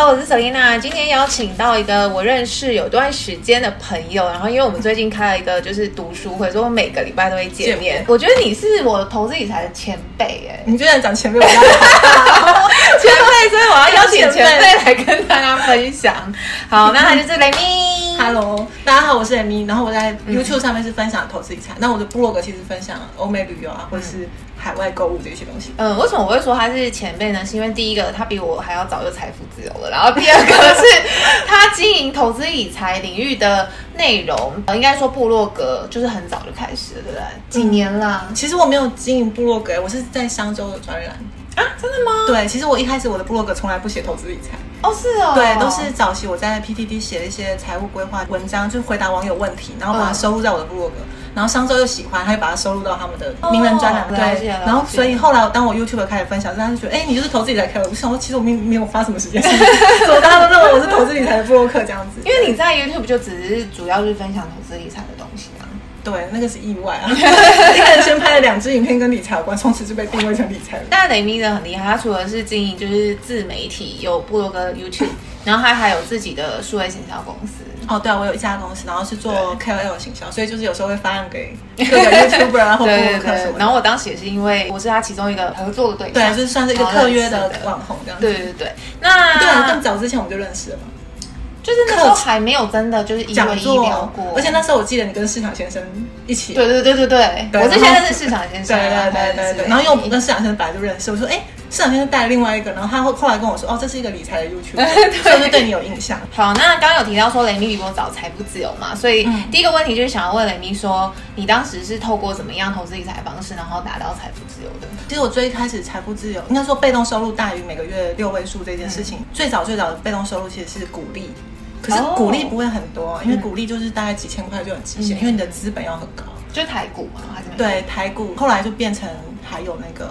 好，我是 Selina。今天邀請到一個我認識有段時間的朋友，然後因為我們最近開了一個就是讀書會，所以我每個禮拜都會見面。見，我覺得你是我投資理財的前輩哎、欸，你居然講前輩，我 前輩，所以我要邀請前輩，前輩來跟大家分享。好，嗯、那他就是蕾咪。Hello，大家好，我是蕾咪。然後我在 YouTube 上面是分享投資理財、嗯，那我的部落格其實分享歐美旅遊啊，或者是。海外購物這些東西，嗯，為什麼我會說他是前輩呢？是因為第一個他比我還要早就財富自由了，然後第二個是他經營投資理財領域的內容，呃，應該說部落格就是很早就開始了，對不對？幾年啦？其實我沒有經營部落格、欸，我是在商周的專欄啊，真的嗎？對，其實我一開始我的部落格從來不寫投資理財，哦，是哦，對，都是早期我在 PTT 寫一些財務規劃文章，就回答網友問題，然後把它收錄在我的部落格。嗯然後商周又喜歡，還會把它收錄到他們的名人專欄。哦？對，然後所以後來我當我 YouTube 開始分享，他就覺得哎，你就是投資理財的。我不想說，其實我沒有沒有花什麼時間，所以大家都認為我是投資理財的部落客這樣子。因為你在 YouTube 就只是主要是分享投資理財的東西。對，那個是意外啊！哈哈哈，先拍了兩支影片跟理財有關，從此就被定位成理財。但雷米的很厲害，他除了是經營就是自媒體，有部落格跟 YouTube，然後他還，還有自己的數位行銷公司。哦，對、啊、我有一家公司，然後是做 KOL 行銷，所以就是有時候會發案給各個 YouTuber 啊， 對對對。然後我當時也是因為我是他其中一個合作的對象，對、啊，就是算是一個特約的網紅這樣子。對，對對對，那對、啊，那更早之前我們就認識了。就是那時候還沒有真的就是講過、哦，而且那時候我記得你跟市場先生一起，對對對對對，對我之前是市場先生，對對對對。對。然後因為我跟市場先生本來就認識我，我說哎、欸，市場先生帶了另外一個，然後他後後來跟我說哦，這是一個理財的 YouTuber， 是不是對你有印象？好，那剛剛有提到說雷米你給我找財富自由嘛，所以第一個問題就是想要問雷米說，你當時是透過怎麼樣投資理財方式，然後達到財富自由的？其實我最開始財富自由，應該說被動收入大於每個月六位數這件事情、嗯，最早最早的被動收入其實是股利。可是股利不會很多，啊，oh, 因為股利就是大概幾千塊就很極限，嗯，因為你的資本要很高，就是台股嘛，對台股，後來就變成還有那個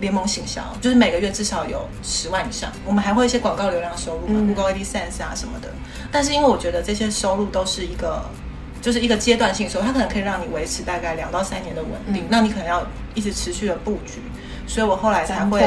聯盟行銷，就是每個月至少有十萬以上。我們還會一些廣告流量收入嘛，嗯、Google AdSense 啊什麼的。但是因為我覺得這些收入都是一個，就是一個階段性收入，它可能可以讓你維持大概兩到三年的穩定，嗯，那你可能要一直持續的布局。所以我後來才會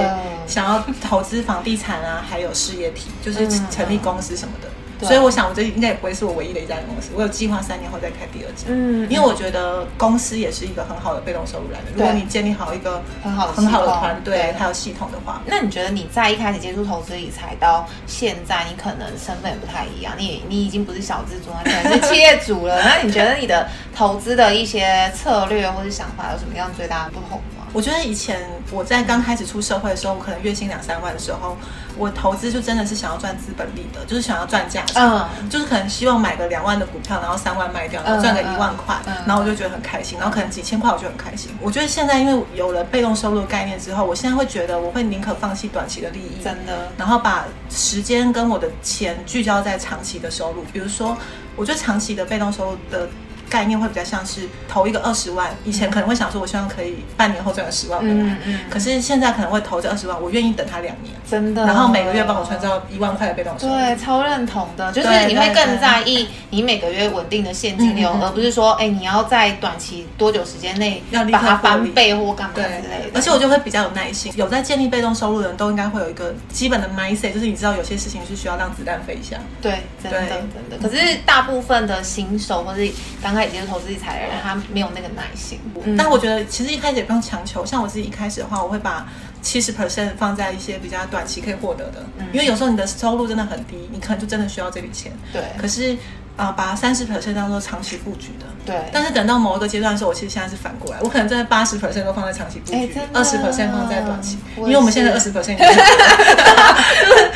想要投資房地產啊，還有事業體，就是成立公司什麼的。嗯啊所以我想，我這應該也不會是我唯一的一家公司。我有計劃三年後再開第二家。嗯，因為我覺得公司也是一個很好的被動收入來源。如果你建立好一個很好很好的團隊還有系統的話，那你覺得你在一開始接觸投資理財到現在，你可能身份也不太一樣。你你已經不是小資族了，你可能是企業主了。 那你覺得你的投資的一些策略或者想法有什麼樣最大的不同？我覺得以前我在剛開始出社會的時候，我可能月薪兩三萬的時候，我投資就真的是想要賺資本利得，就是想要賺價錢，嗯、uh,，就是可能希望買個兩萬的股票，然後三萬賣掉，然後賺個一萬塊，uh, uh, uh, uh, 然後我就覺得很開心。然後可能幾千塊我就很開心。我覺得現在因為有了被動收入的概念之後，我現在會覺得我會寧可放棄短期的利益，真的，然後把時間跟我的錢聚焦在長期的收入。比如說，我覺得長期的被動收入的。概念會比較像是投一個二十萬，以前可能會想說，我希望可以半年後賺個十萬。嗯,嗯,嗯。可是現在可能會投這二十萬，我願意等它兩年。真的。然後每個月幫我創造一萬塊的被動收入。對，超認同的，就是你會更在意你每個月穩定的現金流對對對，而不是說，哎，你要在短期多久時間內要、嗯、把它翻倍或幹嘛之類的對。而且我就會比較有耐心。有在建立被動收入的人都應該會有一個基本的 mindset，就是你知道有些事情是需要讓子彈飛一下。對，真的,真的。可是大部分的新手或是剛剛。他已經是投資理財的人，他沒有那個耐心。嗯。但我覺得其實一開始也不用強求。像我自己一開始的話，我會把七十 percent 放在一些比較短期可以獲得的。嗯，因為有時候你的收入真的很低，你可能就真的需要這筆錢。對，可是。啊，把三十 percent 當做長期布局的，對。但是等到某一個階段的時候，我其實現在是反過來，我可能在八十 percent 都放在長期布局，二十 percent 放在短期。因為我們現在二十 percent 已經。哈哈哈哈哈。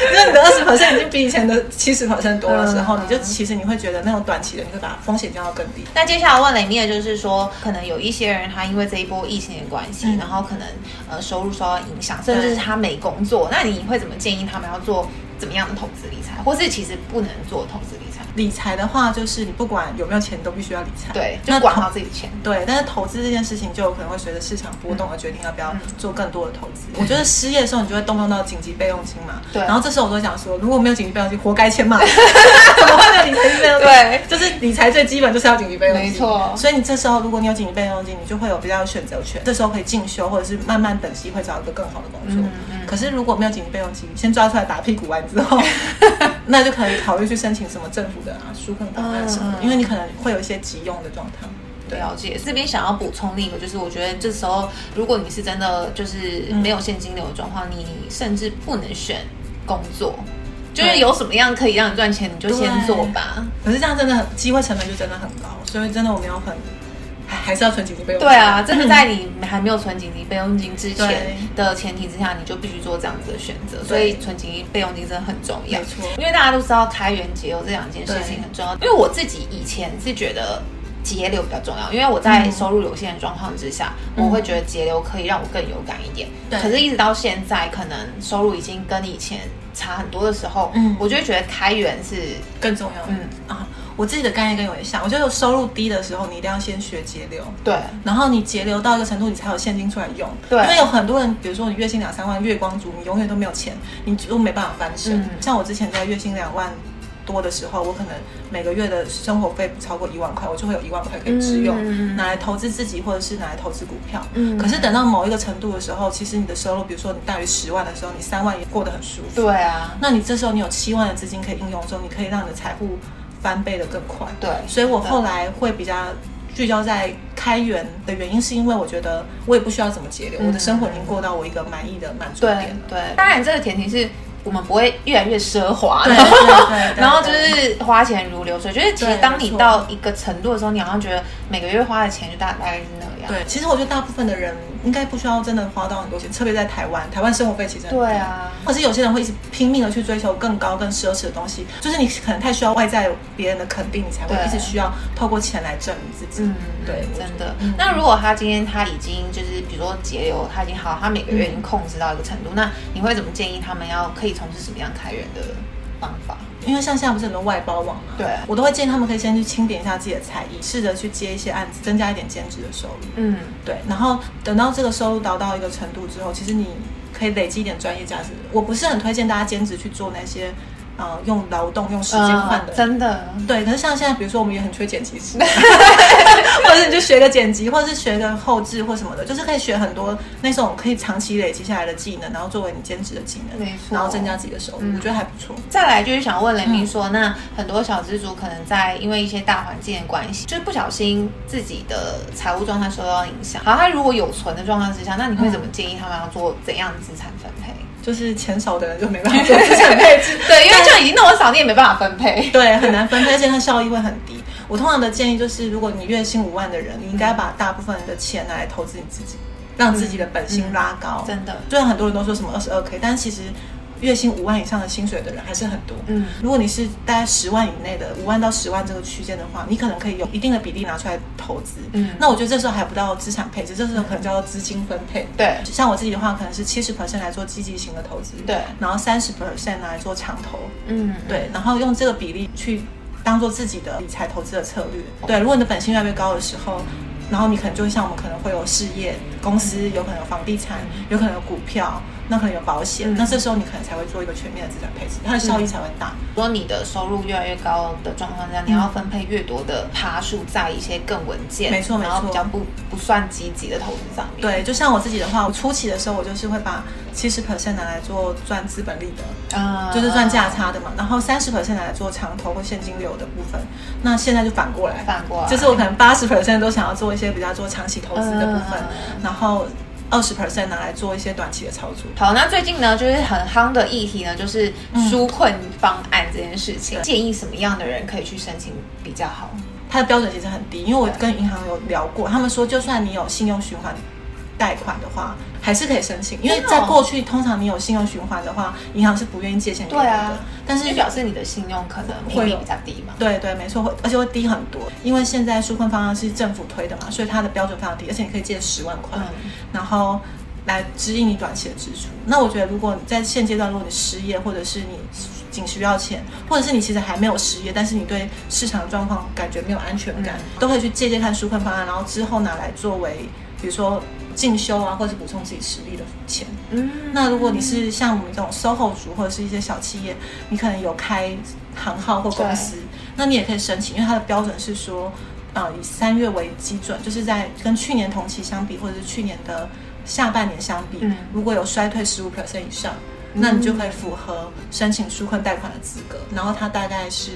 因為 你的二十 percent 已經比以前的七十 percent 多的時候，嗯、後你就其實你會覺得那種短期的你會把風險降到更低。嗯。那接下來問雷米的就是說，可能有一些人他因為這一波疫情的關係、嗯，然後可能呃收入受到影響，甚至是他沒工作，那你會怎麼建議他們要做？怎麼樣的投資理財，或是其實不能做投資理財？理財的話，就是你不管有沒有錢，都必須要理財。對，就是管好自己的錢。對，但是投資這件事情，就有可能會隨着市場波動而決定要不要做更多的投資。我覺得失業的時候，你就會動用到緊急備用金嘛。對。然後這時候我就想說，如果沒有緊急備用金，活該欠罵。怎麼會有理財備用金？對，就是理財最基本就是要緊急備用金。沒錯。所以你這時候如果你有緊急備用金，你就會有比較有選擇權。這時候可以進修，或者是慢慢等機會找一個更好的工作。嗯嗯。可是如果沒有緊急備用金，先抓出來打屁股玩。之後，那就可能考慮去申請什麼政府的啊，紓困檔案什麼的、嗯，因為你可能會有一些急用的狀態。對，了解，這邊想要補充另一個，就是我覺得這時候如果你是真的就是沒有現金流的狀況、嗯，你甚至不能選工作，就是有什麼樣可以讓你賺錢、嗯，你就先做吧。可是這樣真的很，機會成本就真的很高，所以真的我沒有很。還是要存緊急備用金。對啊，真的在你還沒有存緊急備用金之前的前提之下，你就必須做這樣子的選擇。所以，存緊急備用金真的很重要。沒錯，因為大家都知道開源節流這兩件事情很重要。因為我自己以前是覺得節流比較重要，因為我在收入有限的狀況之下、嗯，我會覺得節流可以讓我更有感一點。對。可是，一直到現在，可能收入已經跟以前差很多的時候，嗯，我就會覺得開源是更重要的。嗯啊。我自己的概念跟我也像，我覺得收入低的時候，你一定要先學節流。對。然後你節流到一個程度，你才有現金出來用。對。因為有很多人，比如說你月薪兩三萬，月光族，你永遠都沒有錢，你都沒辦法翻身。嗯。像我之前在月薪兩萬多的時候，我可能每個月的生活費不超過一萬塊，我就會有一萬塊可以支用，嗯嗯嗯，拿來投資自己，或者是拿來投資股票。嗯，嗯。可是等到某一個程度的時候，其實你的收入，比如說你大於十萬的時候，你三萬也過得很舒服。對啊。那你這時候，你有七萬的資金可以應用的時候，你可以讓你的財富翻倍的更快，對，所以我後來會比較聚焦在開源的原因，是因為我覺得我也不需要怎麼節流，嗯，我的生活已經過到我一個滿意的滿足點了對、對，當然這個前提是我們不會越來越奢華對對對，對，然後就是花錢如流水，就如流水。就是其實當你到一個程度的時候，你好像覺得每個月花的錢就大概，大概那。對，其實我覺得大部分的人應該不需要真的花到很多錢，特別在台灣，台灣生活費其實很對啊，可是有些人會一直拼命的去追求更高、更奢侈的東西，就是你可能太需要外在別人的肯定，你才會一直需要透過錢來證明自己。嗯，對，真的。那如果他今天他已經就是比如說節流，他已經好，他每個月已經控制到一個程度，嗯，那你會怎麼建議他們要可以從事什麼樣開源的方法？因為像現在不是很多外包網嘛，對，對，我都會建議他們可以先去清點一下自己的才藝，試着去接一些案子，增加一點兼職的收入。嗯，對。然後等到這個收入達到，到一個程度之後，其實你可以累積一點專業價值。我不是很推薦大家兼職去做那些。啊、嗯，用勞動用時間換的，呃，真的對。可是像現在，比如說我們也很缺剪輯師， 或者你就學個剪輯，或者是學個後製或什麼的，就是可以學很多那種可以長期累積下來的技能，然後作為你兼職的技能，沒錯，然後增加自己的收入，嗯，我覺得還不錯。再來就是想問 Rami 說，嗯，那很多小資族可能在因為一些大環境的關係，就是不小心自己的財務狀態受到影響。好，他如果有存的狀況之下，那你會怎麼建議他們要做怎樣的資產分配？就是錢少的人就沒辦法做資產配置， 對，因為就已經那麼少，你也沒辦法分配，對，很難分配，而且它效益會很低。我通常的建議就是，如果你月薪五萬的人，你應該把大部分的錢拿來投資你自己，讓自己的本薪拉高，嗯嗯。真的，雖然很多人都說什麼二十二 k，但其實。月薪五萬以上的薪水的人還是很多。嗯，如果你是大概十萬以內的五萬到十萬這個區間的話，你可能可以用一定的比例拿出來投資。嗯，那我覺得這時候還不到資產配置，這時候可能叫做資金分配。對，像我自己的話，可能是七十%來做積極型的投資。對，然後三十%來做長投。嗯，對，然後用這個比例去當做自己的理財投資的策略。對，如果你的本薪越來越高的時候，然後你可能就像我們可能會有事業公司、嗯，有可能有房地產，有可能有股票。那很有保險、嗯，那這時候你可能才會做一個全面的資產配置，它的效益才會大、嗯。如果你的收入越來越高的狀況下，你要分配越多的趴數在一些更穩健，沒錯沒錯，比較不不算積極的投資上面。對，就像我自己的話，我初期的時候我就是會把七十 percent 拿來做賺資本利得，啊、嗯，就是賺價差的嘛。然後三十 percent 拿來做長投或現金流的部分。那現在就反過來，反過來，就是我可能八十 percent 都想要做一些比較做長期投資的部分，嗯、然後。二十 percent 拿來做一些短期的操作。好，那最近呢，就是很夯的議題呢，就是紓困方案這件事情，嗯。建議什麼樣的人可以去申請比較好？它的標準其實很低，因為我跟銀行有聊過，他們說，就算你有信用循環貸款的話。還是可以申請，因為在過去通常你有信用循環的話，銀行是不願意借錢給你的。對啊，但是就表示你的信用可能會比較低嘛。對對，沒錯，會，而且會低很多。因為現在紓困方案是政府推的嘛，所以它的標準非常低，而且你可以借十萬塊，嗯，然後來支應你短期的支出。那我覺得，如果你在現階段如果你失業，或者是你僅需要錢，或者是你其實還沒有失業，但是你對市場的狀況感覺沒有安全感，嗯、都可以去借借看紓困方案，然後之後拿來作為，比如說。進修啊，或者補充自己實力的錢嗯。嗯，那如果你是像我們這種 SOHO 族，或者是一些小企業，你可能有開行號或公司，那你也可以申請。因為它的標準是說，啊、呃，以三月為基準，就是在跟去年同期相比，或者是去年的下半年相比，嗯、如果有衰退十五%以上、嗯，那你就可以符合申請紓困貸款的資格。然後它大概是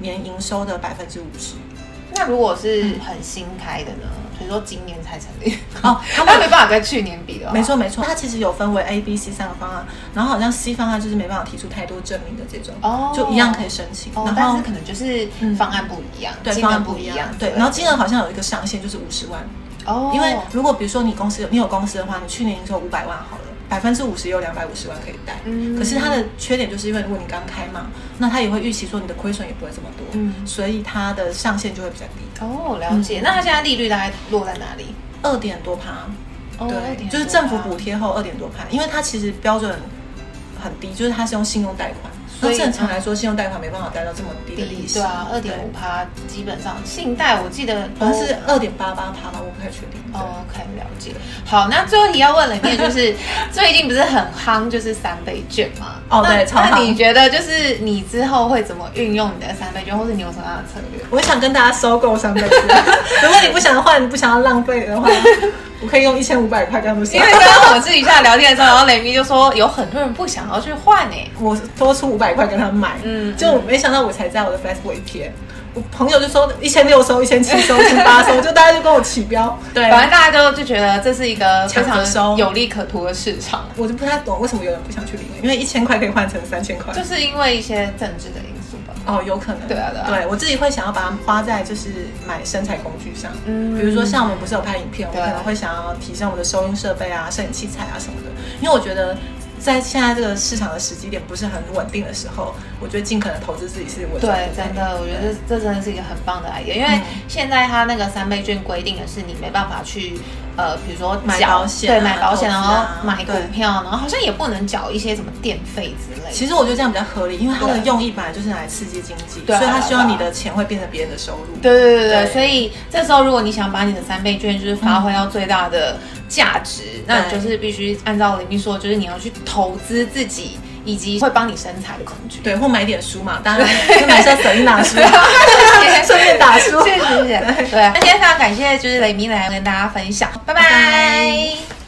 年營收的百分之五十。那如果是、嗯、很新開的呢？嗯比如說今年才成立，哦，他們沒，沒辦法跟去年比的，沒錯沒錯。它其實有分為 A、B、C 三個方案，然後好像 C 方案就是沒辦法提出太多證明的這種，哦，就一樣可以申請，哦、然後可能就是方案不一樣，嗯、對，方案不一樣，對，對對對，然後金額好像有一個上限，就是五十萬，哦，因為如果比如說你公司有，你有公司的話，你去年你說五百萬好了。百分之五十有兩百五十萬可以貸，嗯，可是它的缺點就是因為如果你剛開嘛，那它也會預期說你的虧損也不會這麼多，嗯，所以它的上限就會比較低。哦，了解。嗯，那它現在利率大概落在哪裡？二點多趴，哦，對，就是政府補貼後二點多趴，因為它其實標準很低，就是它是用信用貸款。所以正常來說，信用貸款沒辦法貸到這麼低的利息。對啊，二點五趴基本上，信貸我記得好像是二點八八趴吧，我不太確定。哦，可以，哦、okay, 了解。好，那最後一題要問了一遍，就是 最近不是很夯，就是三倍券嘛。哦，對，超，那你覺得就是你之後會怎麼運用你的三倍券，或是你有什麼樣的策略？我想跟大家收購三倍券， 如果你不想的話，你不想要浪費的話。 我可以用一千五百塊跟他們換，因為剛剛我自己在聊天的時候，然後雷米就說有很多人不想要去換呢。我多出五百塊跟他們買，嗯，就沒想到我才在我的 Facebook 貼，我朋友就說一千六收一千七收一千八收，就大家就跟我起標，對，反正大家就就覺得這是一個非常有利可圖的市場，我就不太懂為什麼有人不想去領，因為一千塊可以換成三千塊，就是因為一些政治的因素。哦，有可能，對啊，對啊，對，我自己會想要把它花在就是買生財工具上，嗯，比如說像我們不是有拍影片，啊，我可能會想要提升我的收音設備啊、攝影器材啊什麼的，因為我覺得。在現在這個市場的時機點不是很穩定的時候，我覺得盡可能投資自己是穩妥，對，真的，我覺得這真的是一個很棒的 idea。因為現在他那個三倍券規定的是你沒辦法去呃，比如說買保險、啊，對，買保險、啊、然後買股票，然後好像也不能繳一些什麼電費之類。其實我覺得這樣比較合理，因為他的用意本來就是來刺激經濟，對，所以他希望你的錢會變成別人的收入。對對對對，對，所以這時候如果你想把你的三倍券就是發揮到最大的，嗯價值，那你就是必須按照雷咪說，就是你要去投資自己，以及會幫你生財的工具，對，或買點書嘛，當然買些順便打書，順便 打書，謝謝謝謝，對、啊， 那今天非常感謝就是雷咪來跟大家分享，拜拜。Bye bye